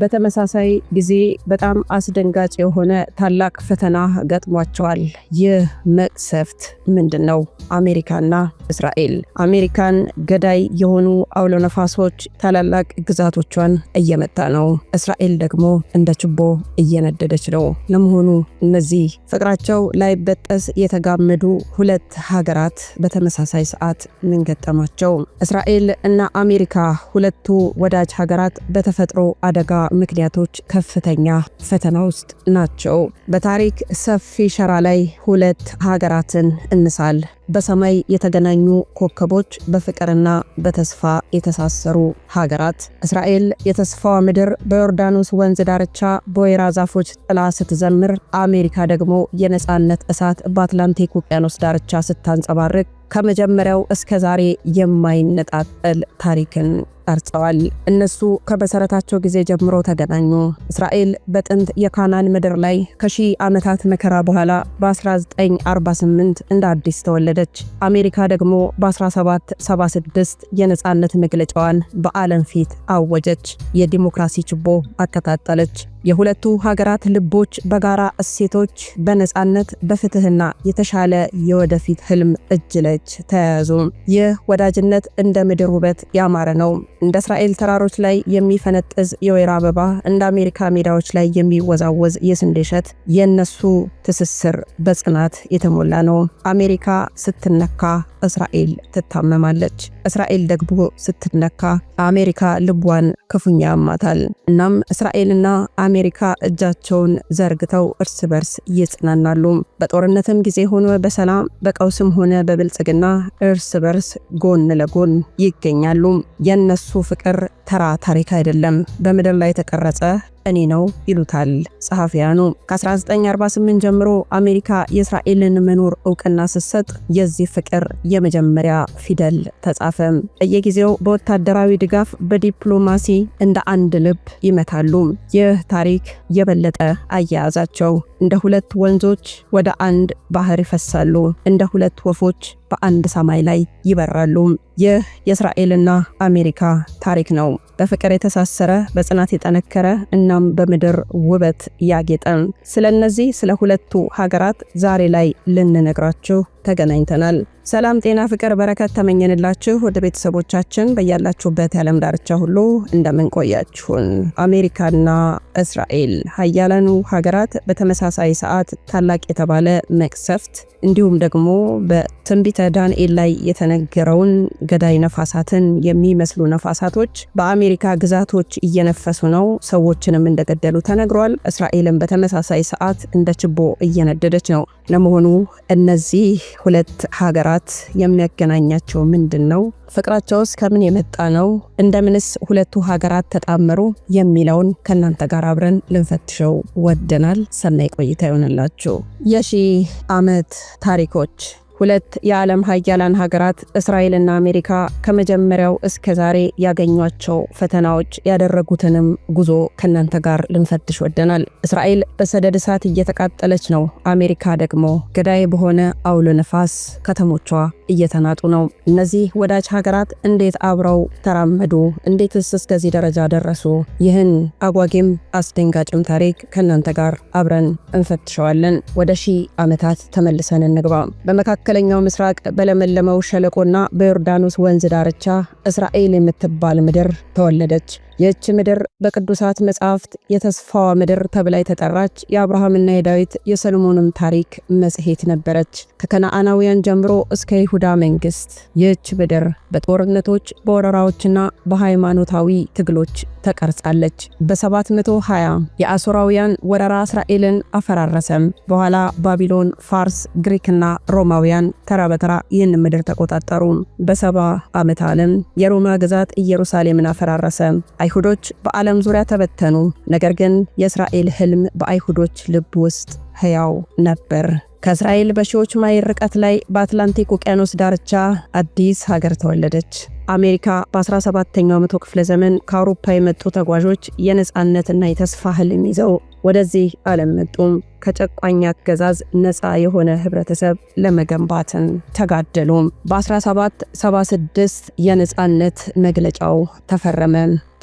በተመሳሳይ ጊዜ በጣም አስደንጋጭ የሆነ ታላቅ ፈተና ገጥሟቸዋል። ይህ መቅሰፍት ምንድን ነው? አሜሪካና እስራኤል። አሜሪካን ገዳይ የሆኑ አውሎ ነፋሶች ታላላቅ ግዛቶቿን እየመታ ነው። እስራኤል ደግሞ እንደ ችቦ እየነደደች ነው። ለመሆኑ እነዚህ ፍቅራቸው ላይበጠስ የተጋመዱ ሁለት ሀገራት በተመሳሳይ ሰዓት ምን ገጠማቸው? እስራኤል እና አሜሪካ ሁለቱ ወዳጅ ሀገራት በተፈጥሮ አደጋ ምክንያቶች ከፍተኛ ፈተና ውስጥ ናቸው። በታሪክ ሰፊ ሸራ ላይ ሁለት ሀገራትን እንሳል። በሰማይ የተገናኙ ኮከቦች፣ በፍቅርና በተስፋ የተሳሰሩ ሀገራት። እስራኤል የተስፋዋ ምድር በዮርዳኖስ ወንዝ ዳርቻ በወይራ ዛፎች ጥላ ስትዘምር፣ አሜሪካ ደግሞ የነፃነት እሳት በአትላንቲክ ውቅያኖስ ዳርቻ ስታንጸባርቅ ከመጀመሪያው እስከ ዛሬ የማይነጣጠል ታሪክን ቀርጸዋል። እነሱ ከመሰረታቸው ጊዜ ጀምሮ ተገናኙ። እስራኤል በጥንት የካናን ምድር ላይ ከሺህ ዓመታት መከራ በኋላ በ1948 እንደ አዲስ ተወለደች። አሜሪካ ደግሞ በ1776 የነፃነት መግለጫዋን በዓለም ፊት አወጀች። የዲሞክራሲ ችቦ አቀጣጠለች። የሁለቱ ሀገራት ልቦች በጋራ እሴቶች፣ በነፃነት፣ በፍትህና የተሻለ የወደፊት ህልም እጅ ለእጅ ተያያዙ። ይህ ወዳጅነት እንደ ምድር ውበት ያማረ ነው። እንደ እስራኤል ተራሮች ላይ የሚፈነጥዝ የወይራ አበባ፣ እንደ አሜሪካ ሜዳዎች ላይ የሚወዛወዝ የስንዴ እሸት፣ የእነሱ ትስስር በጽናት የተሞላ ነው። አሜሪካ ስትነካ እስራኤል ትታመማለች። እስራኤል ደግሞ ስትነካ አሜሪካ ልቧን ክፉኛ ያማታል። እናም እስራኤልና አሜሪካ እጃቸውን ዘርግተው እርስ በርስ ይጽናናሉ። በጦርነትም ጊዜ ሆነ በሰላም በቀውስም ሆነ በብልጽግና እርስ በርስ ጎን ለጎን ይገኛሉ። የነሱ ፍቅር ተራ ታሪክ አይደለም። በምድር ላይ የተቀረጸ እኔ ነው ይሉታል ጸሐፊያኑ። ከ1948 ጀምሮ አሜሪካ የእስራኤልን መኖር እውቅና ስትሰጥ የዚህ ፍቅር የመጀመሪያ ፊደል ተጻፈ። በየጊዜው በወታደራዊ ድጋፍ፣ በዲፕሎማሲ እንደ አንድ ልብ ይመታሉ። ይህ ታሪክ የበለጠ አያያዛቸው እንደ ሁለት ወንዞች ወደ አንድ ባህር ይፈሳሉ፣ እንደ ሁለት ወፎች በአንድ ሰማይ ላይ ይበራሉ። ይህ የእስራኤልና አሜሪካ ታሪክ ነው። በፍቅር የተሳሰረ በጽናት የጠነከረ እናም በምድር ውበት ያጌጠ። ስለ እነዚህ ስለ ሁለቱ ሀገራት ዛሬ ላይ ልንነግራችሁ ተገናኝተናል። ሰላም፣ ጤና፣ ፍቅር፣ በረከት ተመኘንላችሁ ወደ ቤተሰቦቻችን በያላችሁበት የዓለም ዳርቻ ሁሉ እንደምንቆያችሁን። አሜሪካና እስራኤል ሀያላኑ ሀገራት በተመሳሳይ ሰዓት ታላቅ የተባለ መቅሰፍት እንዲሁም ደግሞ በትንቢት ዳንኤል ላይ የተነገረውን ገዳይ ነፋሳትን የሚመስሉ ነፋሳቶች በአሜሪካ ግዛቶች እየነፈሱ ነው፣ ሰዎችንም እንደገደሉ ተነግሯል። እስራኤልን በተመሳሳይ ሰዓት እንደ ችቦ እየነደደች ነው። ለመሆኑ እነዚህ ሁለት ሀገራት የሚያገናኛቸው ምንድን ነው? ፍቅራቸውስ ከምን የመጣ ነው? እንደምንስ ሁለቱ ሀገራት ተጣመሩ? የሚለውን ከእናንተ ጋር አብረን ልንፈትሸው ወደናል። ሰናይ ቆይታ ይሆንላችሁ። የሺህ ዓመት ታሪኮች ሁለት የዓለም ሀያላን ሀገራት እስራኤልና አሜሪካ ከመጀመሪያው እስከ ዛሬ ያገኟቸው ፈተናዎች ያደረጉትንም ጉዞ ከእናንተ ጋር ልንፈትሽ ወደናል። እስራኤል በሰደድ እሳት እየተቃጠለች ነው። አሜሪካ ደግሞ ገዳይ በሆነ አውሎ ነፋስ ከተሞቿ እየተናጡ ነው። እነዚህ ወዳጅ ሀገራት እንዴት አብረው ተራመዱ? እንዴትስ እስከዚህ ደረጃ ደረሱ? ይህን አጓጊም አስደንጋጭም ታሪክ ከእናንተ ጋር አብረን እንፈትሸዋለን። ወደ ሺህ ዓመታት ተመልሰን እንግባ። በመካከል መካከለኛው ምስራቅ በለመለመው ሸለቆና በዮርዳኖስ ወንዝ ዳርቻ እስራኤል የምትባል ምድር ተወለደች። ይህች ምድር በቅዱሳት መጻሕፍት የተስፋዋ ምድር ተብላ የተጠራች የአብርሃምና የዳዊት የሰሎሞንም ታሪክ መጽሔት ነበረች። ከከነዓናውያን ጀምሮ እስከ ይሁዳ መንግስት ይህች ምድር በጦርነቶች በወረራዎችና በሃይማኖታዊ ትግሎች ተቀርጻለች። በ720 የአሦራውያን ወረራ እስራኤልን አፈራረሰም። በኋላ ባቢሎን፣ ፋርስ፣ ግሪክና ሮማውያን ግሪካውያን ተራ በተራ ይህን ምድር ተቆጣጠሩ። በሰባ ዓመት ዓለም የሮማ ግዛት ኢየሩሳሌምን አፈራረሰ። አይሁዶች በዓለም ዙሪያ ተበተኑ። ነገር ግን የእስራኤል ህልም በአይሁዶች ልብ ውስጥ ሕያው ነበር። ከእስራኤል በሺዎች ማይል ርቀት ላይ በአትላንቲክ ውቅያኖስ ዳርቻ አዲስ ሀገር ተወለደች። አሜሪካ በ17ኛው መቶ ክፍለ ዘመን ከአውሮፓ የመጡ ተጓዦች የነፃነትና የተስፋ ህልም ይዘው ወደዚህ ዓለም መጡም። ከጨቋኝ አገዛዝ ነፃ የሆነ ህብረተሰብ ለመገንባትን ተጋደሉ። በ1776 የነፃነት መግለጫው ተፈረመ።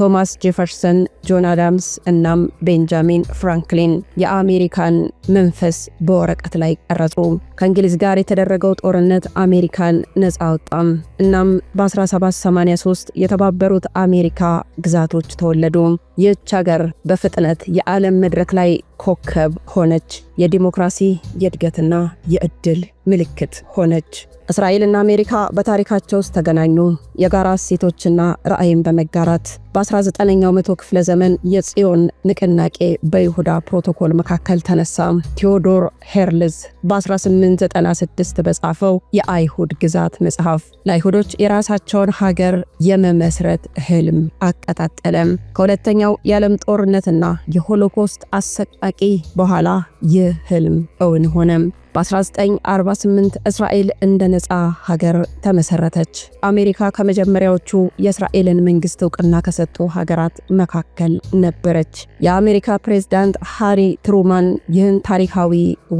ቶማስ ጄፈርሰን፣ ጆን አዳምስ እናም ቤንጃሚን ፍራንክሊን የአሜሪካን መንፈስ በወረቀት ላይ ቀረጹ። ከእንግሊዝ ጋር የተደረገው ጦርነት አሜሪካን ነፃ አወጣም። እናም በ1783 የተባበሩት አሜሪካ ግዛቶች ተወለዱ። ይህች ሀገር በፍጥነት የዓለም መድረክ ላይ ኮከብ ሆነች። የዲሞክራሲ የእድገትና የእድል ምልክት ሆነች። እስራኤልና አሜሪካ በታሪካቸው ውስጥ ተገናኙ። የጋራ እሴቶችና ራዕይን በመጋራት በ19ኛው መቶ ክፍለ ዘመን የጽዮን ንቅናቄ በይሁዳ ፕሮቶኮል መካከል ተነሳ። ቴዎዶር ሄርልዝ በ1896 በጻፈው የአይሁድ ግዛት መጽሐፍ ለአይሁዶች የራሳቸውን ሀገር የመመስረት ህልም አቀጣጠለም። ከሁለተኛው የዓለም ጦርነትና የሆሎኮስት አሰቃቂ በኋላ ይህ ህልም እውን ሆነም። በ1948 እስራኤል እንደ ነፃ ሀገር ተመሰረተች። አሜሪካ ከመጀመሪያዎቹ የእስራኤልን መንግስት እውቅና ከሰጡ ሀገራት መካከል ነበረች። የአሜሪካ ፕሬዝዳንት ሃሪ ትሩማን ይህን ታሪካዊ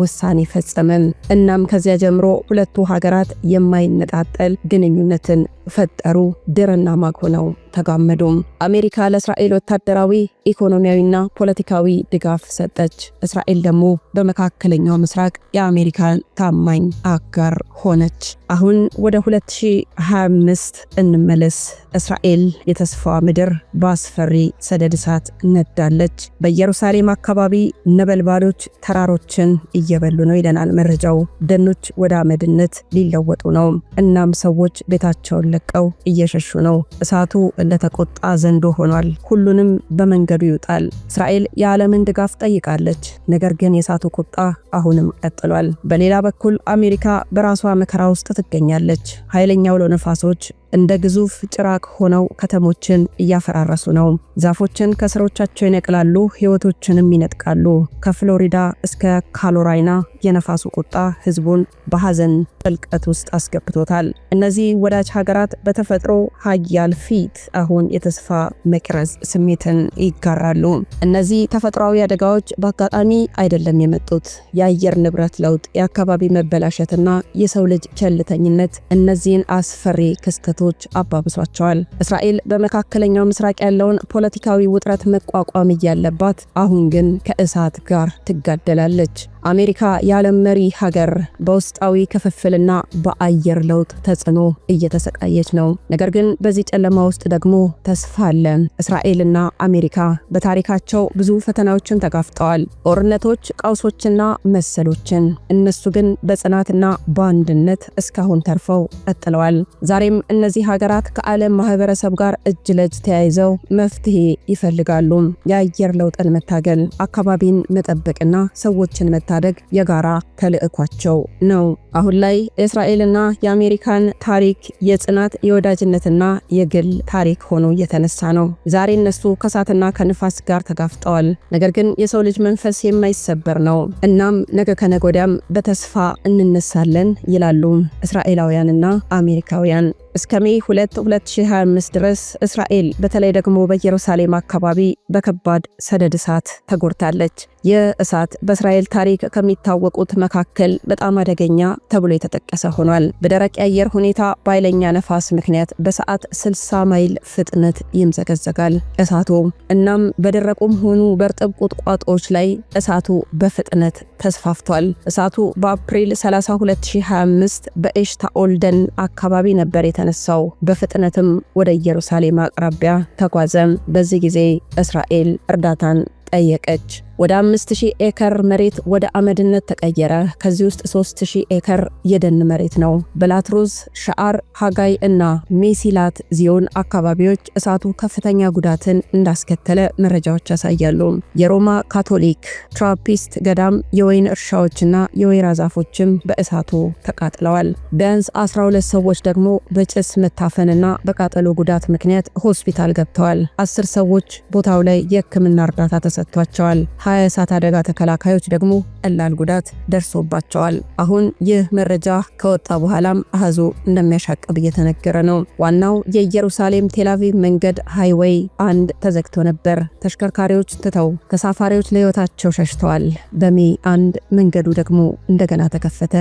ውሳኔ ፈጸመም። እናም ከዚያ ጀምሮ ሁለቱ ሀገራት የማይነጣጠል ግንኙነትን ፈጠሩ። ድርና ማግ ሆነው ተጋመዱ። አሜሪካ ለእስራኤል ወታደራዊ ኢኮኖሚያዊና ፖለቲካዊ ድጋፍ ሰጠች። እስራኤል ደግሞ በመካከለኛው ምስራቅ የአሜሪካን ታማኝ አጋር ሆነች። አሁን ወደ 2025 እንመለስ። እስራኤል የተስፋ ምድር በአስፈሪ ሰደድ እሳት ነዳለች። በኢየሩሳሌም አካባቢ ነበልባሎች ተራሮችን እየበሉ ነው ይለናል መረጃው። ደኖች ወደ አመድነት ሊለወጡ ነው። እናም ሰዎች ቤታቸውን ለቀው እየሸሹ ነው። እሳቱ እንደተቆጣ ዘንዶ ሆኗል፣ ሁሉንም በመንገዱ ይውጣል። እስራኤል የዓለምን ድጋፍ ጠይቃለች፣ ነገር ግን የእሳቱ ቁጣ አሁንም ቀጥሏል። በሌላ በኩል አሜሪካ በራሷ መከራ ውስጥ ትገኛለች። ኃይለኛ አውሎ ነፋሶች እንደ ግዙፍ ጭራቅ ሆነው ከተሞችን እያፈራረሱ ነው። ዛፎችን ከስሮቻቸው ይነቅላሉ፣ ሕይወቶችንም ይነጥቃሉ። ከፍሎሪዳ እስከ ካሎራይና የነፋሱ ቁጣ ህዝቡን በሐዘን ጥልቀት ውስጥ አስገብቶታል። እነዚህ ወዳጅ ሀገራት በተፈጥሮ ሀያል ፊት አሁን የተስፋ መቅረዝ ስሜትን ይጋራሉ። እነዚህ ተፈጥሯዊ አደጋዎች በአጋጣሚ አይደለም የመጡት። የአየር ንብረት ለውጥ፣ የአካባቢ መበላሸትና የሰው ልጅ ቸልተኝነት እነዚህን አስፈሪ ክስተት ግጭቶች አባብሷቸዋል። እስራኤል በመካከለኛው ምስራቅ ያለውን ፖለቲካዊ ውጥረት መቋቋም እያለባት አሁን ግን ከእሳት ጋር ትጋደላለች። አሜሪካ የዓለም መሪ ሀገር በውስጣዊ ክፍፍልና በአየር ለውጥ ተጽዕኖ እየተሰቃየች ነው። ነገር ግን በዚህ ጨለማ ውስጥ ደግሞ ተስፋ አለ። እስራኤልና አሜሪካ በታሪካቸው ብዙ ፈተናዎችን ተጋፍጠዋል። ጦርነቶች፣ ቀውሶችና መሰሎችን። እነሱ ግን በጽናትና በአንድነት እስካሁን ተርፈው ቀጥለዋል። ዛሬም እነዚህ ሀገራት ከዓለም ማህበረሰብ ጋር እጅ ለእጅ ተያይዘው መፍትሄ ይፈልጋሉ። የአየር ለውጥን መታገል፣ አካባቢን መጠበቅና ሰዎችን መታ። የማሳደግ የጋራ ተልዕኳቸው ነው። አሁን ላይ የእስራኤልና የአሜሪካን ታሪክ የጽናት የወዳጅነትና የግል ታሪክ ሆኖ እየተነሳ ነው። ዛሬ እነሱ ከእሳትና ከንፋስ ጋር ተጋፍጠዋል። ነገር ግን የሰው ልጅ መንፈስ የማይሰበር ነው። እናም ነገ ከነገ ወዲያም በተስፋ እንነሳለን ይላሉ እስራኤላውያንና አሜሪካውያን። እስከ ሜ 2 2025 ድረስ እስራኤል በተለይ ደግሞ በኢየሩሳሌም አካባቢ በከባድ ሰደድ እሳት ተጎድታለች። ይህ እሳት በእስራኤል ታሪክ ከሚታወቁት መካከል በጣም አደገኛ ተብሎ የተጠቀሰ ሆኗል። በደረቅ የአየር ሁኔታ በኃይለኛ ነፋስ ምክንያት በሰዓት 60 ማይል ፍጥነት ይምዘገዘጋል እሳቱ። እናም በደረቁም ሆኑ በእርጥብ ቁጥቋጦዎች ላይ እሳቱ በፍጥነት ተስፋፍቷል። እሳቱ በአፕሪል 30 2025 አካባቢ ነበር የተነ ያነሳው። በፍጥነትም ወደ ኢየሩሳሌም አቅራቢያ ተጓዘ። በዚህ ጊዜ እስራኤል እርዳታን ጠየቀች። ወደ 5000 ኤከር መሬት ወደ አመድነት ተቀየረ። ከዚህ ውስጥ 3000 ኤከር የደን መሬት ነው። በላትሮዝ፣ ሻአር ሃጋይ እና ሜሲላት ዚዮን አካባቢዎች እሳቱ ከፍተኛ ጉዳትን እንዳስከተለ መረጃዎች ያሳያሉ። የሮማ ካቶሊክ ትራፒስት ገዳም የወይን እርሻዎችና የወይራ ዛፎችም በእሳቱ ተቃጥለዋል። ቢያንስ 12 ሰዎች ደግሞ በጭስ መታፈንና በቃጠሎ ጉዳት ምክንያት ሆስፒታል ገብተዋል። አስር ሰዎች ቦታው ላይ የህክምና እርዳታ ተሰጥቷቸዋል። ሀያ የእሳት አደጋ ተከላካዮች ደግሞ ቀላል ጉዳት ደርሶባቸዋል። አሁን ይህ መረጃ ከወጣ በኋላም አሃዙ እንደሚያሻቅብ እየተነገረ ነው። ዋናው የኢየሩሳሌም ቴላቪቭ መንገድ ሃይዌይ አንድ ተዘግቶ ነበር። ተሽከርካሪዎች ትተው ተሳፋሪዎች ለህይወታቸው ሸሽተዋል። በሜ አንድ መንገዱ ደግሞ እንደገና ተከፈተ።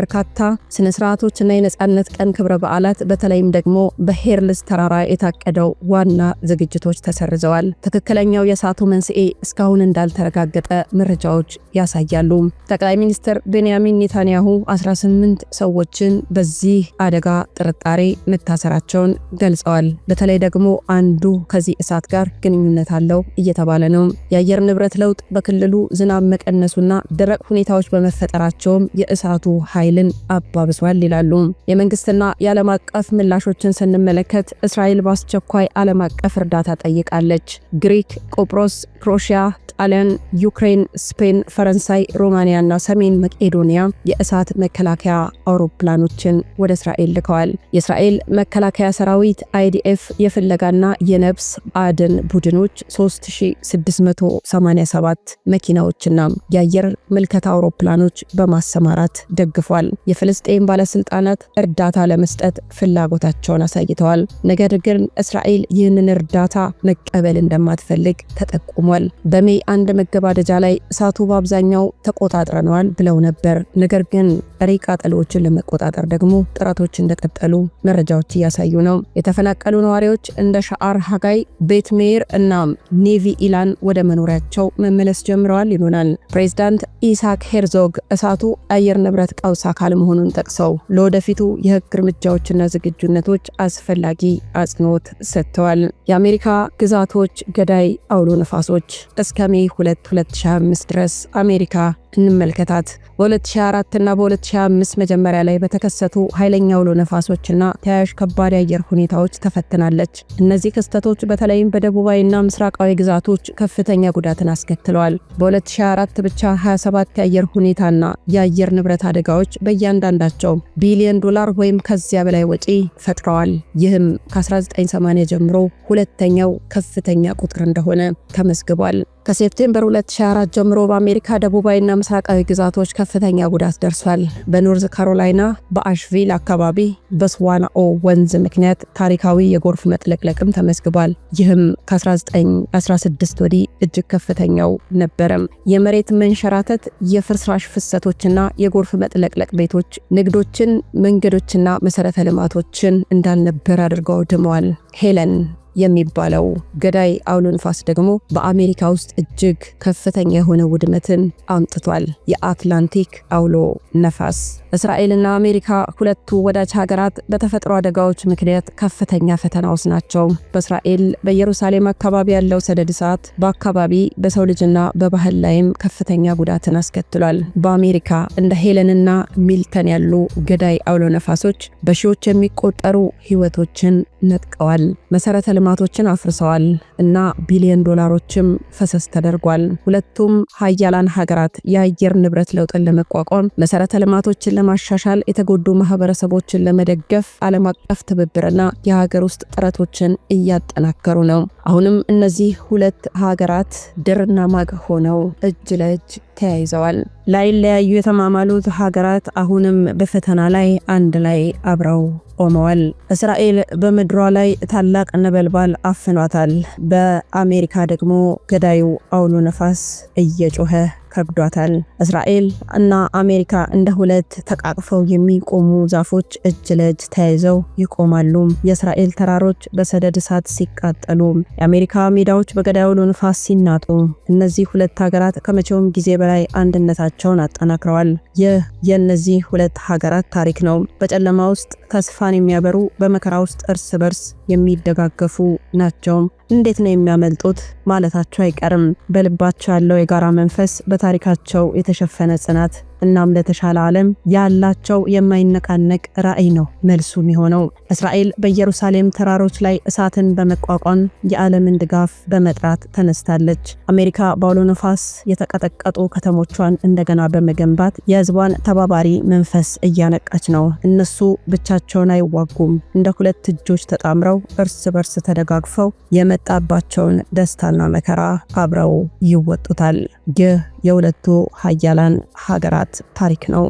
በርካታ ስነ እና የነፃነት ቀን ክብረ በዓላት በተለይም ደግሞ በሄርልስ ተራራ የታቀደው ዋና ዝግጅቶች ተሰርዘዋል። ትክክለኛው የእሳቱ መንስኤ እስካሁን እንዳልተረ የተረጋገጠ መረጃዎች ያሳያሉ። ጠቅላይ ሚኒስትር ቤንያሚን ኔታንያሁ 18 ሰዎችን በዚህ አደጋ ጥርጣሬ መታሰራቸውን ገልጸዋል። በተለይ ደግሞ አንዱ ከዚህ እሳት ጋር ግንኙነት አለው እየተባለ ነው። የአየር ንብረት ለውጥ በክልሉ ዝናብ መቀነሱና ደረቅ ሁኔታዎች በመፈጠራቸውም የእሳቱ ኃይልን አባብሷል ይላሉ። የመንግስትና የዓለም አቀፍ ምላሾችን ስንመለከት እስራኤል በአስቸኳይ ዓለም አቀፍ እርዳታ ጠይቃለች። ግሪክ፣ ቆጵሮስ፣ ክሮሺያ ጣሊያን፣ ዩክሬን፣ ስፔን፣ ፈረንሳይ፣ ሮማኒያና ሰሜን መቄዶኒያ የእሳት መከላከያ አውሮፕላኖችን ወደ እስራኤል ልከዋል። የእስራኤል መከላከያ ሰራዊት አይዲኤፍ የፍለጋና የነብስ አድን ቡድኖች 3687 መኪናዎችና የአየር ምልከታ አውሮፕላኖች በማሰማራት ደግፏል። የፍልስጤን ባለስልጣናት እርዳታ ለመስጠት ፍላጎታቸውን አሳይተዋል። ነገር ግን እስራኤል ይህንን እርዳታ መቀበል እንደማትፈልግ ተጠቁሟል። በሜይ አንድ መገባደጃ ላይ እሳቱ በአብዛኛው ተቆጣጥረነዋል ብለው ነበር። ነገር ግን ቀሪ ቃጠሎዎችን ለመቆጣጠር ደግሞ ጥረቶች እንደቀጠሉ መረጃዎች እያሳዩ ነው። የተፈናቀሉ ነዋሪዎች እንደ ሻአር ሀጋይ፣ ቤት ሜር እና ኔቪ ኢላን ወደ መኖሪያቸው መመለስ ጀምረዋል ይሉናል ፕሬዚዳንት ኢሳክ ሄርዞግ። እሳቱ አየር ንብረት ቀውስ አካል መሆኑን ጠቅሰው ለወደፊቱ የህግ እርምጃዎችና ዝግጁነቶች አስፈላጊ አጽንኦት ሰጥተዋል። የአሜሪካ ግዛቶች ገዳይ አውሎ ነፋሶች እስከ ሁለት 2005 ድረስ አሜሪካ እንመልከታት። በ2004 እና በ2005 መጀመሪያ ላይ በተከሰቱ ኃይለኛ ውሎ ነፋሶችና ተያያዥ ከባድ የአየር ሁኔታዎች ተፈትናለች። እነዚህ ክስተቶች በተለይም በደቡባዊና ምስራቃዊ ግዛቶች ከፍተኛ ጉዳትን አስከትለዋል። በ2004 ብቻ 27 የአየር ሁኔታና የአየር ንብረት አደጋዎች በእያንዳንዳቸው ቢሊዮን ዶላር ወይም ከዚያ በላይ ወጪ ፈጥረዋል። ይህም ከ1980 ጀምሮ ሁለተኛው ከፍተኛ ቁጥር እንደሆነ ተመዝግቧል። ከሴፕቴምበር 2004 ጀምሮ በአሜሪካ ደቡባዊና ምስራቃዊ ግዛቶች ከፍተኛ ጉዳት ደርሷል። በኖርዝ ካሮላይና በአሽቪል አካባቢ በስዋናኦ ወንዝ ምክንያት ታሪካዊ የጎርፍ መጥለቅለቅም ተመዝግቧል። ይህም ከ1916 ወዲህ እጅግ ከፍተኛው ነበረም። የመሬት መንሸራተት፣ የፍርስራሽ ፍሰቶችና የጎርፍ መጥለቅለቅ ቤቶች፣ ንግዶችን፣ መንገዶችና መሰረተ ልማቶችን እንዳልነበር አድርገው ድመዋል። ሄለን የሚባለው ገዳይ አውሎ ንፋስ ደግሞ በአሜሪካ ውስጥ እጅግ ከፍተኛ የሆነ ውድመትን አምጥቷል። የአትላንቲክ አውሎ ነፋስ እስራኤልና አሜሪካ ሁለቱ ወዳጅ ሀገራት በተፈጥሮ አደጋዎች ምክንያት ከፍተኛ ፈተና ውስጥ ናቸው። በእስራኤል በኢየሩሳሌም አካባቢ ያለው ሰደድ እሳት በአካባቢ በሰው ልጅና በባህል ላይም ከፍተኛ ጉዳትን አስከትሏል። በአሜሪካ እንደ ሄለንና ሚልተን ያሉ ገዳይ አውሎ ነፋሶች በሺዎች የሚቆጠሩ ህይወቶችን ነጥቀዋል፣ መሰረተ ልማቶችን አፍርሰዋል እና ቢሊዮን ዶላሮችም ፈሰስ ተደርጓል። ሁለቱም ሀያላን ሀገራት የአየር ንብረት ለውጥን ለመቋቋም መሰረተ ልማቶችን ለማሻሻል የተጎዱ ማህበረሰቦችን ለመደገፍ ዓለም አቀፍ ትብብርና የሀገር ውስጥ ጥረቶችን እያጠናከሩ ነው። አሁንም እነዚህ ሁለት ሀገራት ድርና ማግ ሆነው እጅ ለእጅ ተያይዘዋል። ላይለያዩ የተማማሉት ሀገራት አሁንም በፈተና ላይ አንድ ላይ አብረው ቆመዋል። እስራኤል በምድሯ ላይ ታላቅ ነበልባል አፍኗታል። በአሜሪካ ደግሞ ገዳዩ አውሎ ነፋስ እየጮኸ ከብዷታል። እስራኤል እና አሜሪካ እንደ ሁለት ተቃቅፈው የሚቆሙ ዛፎች እጅ ለእጅ ተያይዘው ይቆማሉ። የእስራኤል ተራሮች በሰደድ እሳት ሲቃጠሉ፣ የአሜሪካ ሜዳዎች በገዳዩ ንፋስ ሲናጡ፣ እነዚህ ሁለት ሀገራት ከመቼውም ጊዜ በላይ አንድነታቸውን አጠናክረዋል። ይህ የእነዚህ ሁለት ሀገራት ታሪክ ነው። በጨለማ ውስጥ ተስፋን የሚያበሩ፣ በመከራ ውስጥ እርስ በርስ የሚደጋገፉ ናቸው። እንዴት ነው የሚያመልጡት ማለታቸው አይቀርም። በልባቸው ያለው የጋራ መንፈስ በታሪካቸው የተሸፈነ ጽናት እናም ለተሻለ ዓለም ያላቸው የማይነቃነቅ ራዕይ ነው መልሱ የሆነው። እስራኤል በኢየሩሳሌም ተራሮች ላይ እሳትን በመቋቋም የዓለምን ድጋፍ በመጥራት ተነስታለች። አሜሪካ በአውሎ ነፋስ የተቀጠቀጡ ከተሞቿን እንደገና በመገንባት የህዝቧን ተባባሪ መንፈስ እያነቃች ነው። እነሱ ብቻቸውን አይዋጉም። እንደ ሁለት እጆች ተጣምረው እርስ በርስ ተደጋግፈው የመጣባቸውን ደስታና መከራ አብረው ይወጡታል። ይህ የሁለቱ ሀያላን ሀገራት ታሪክ ነው።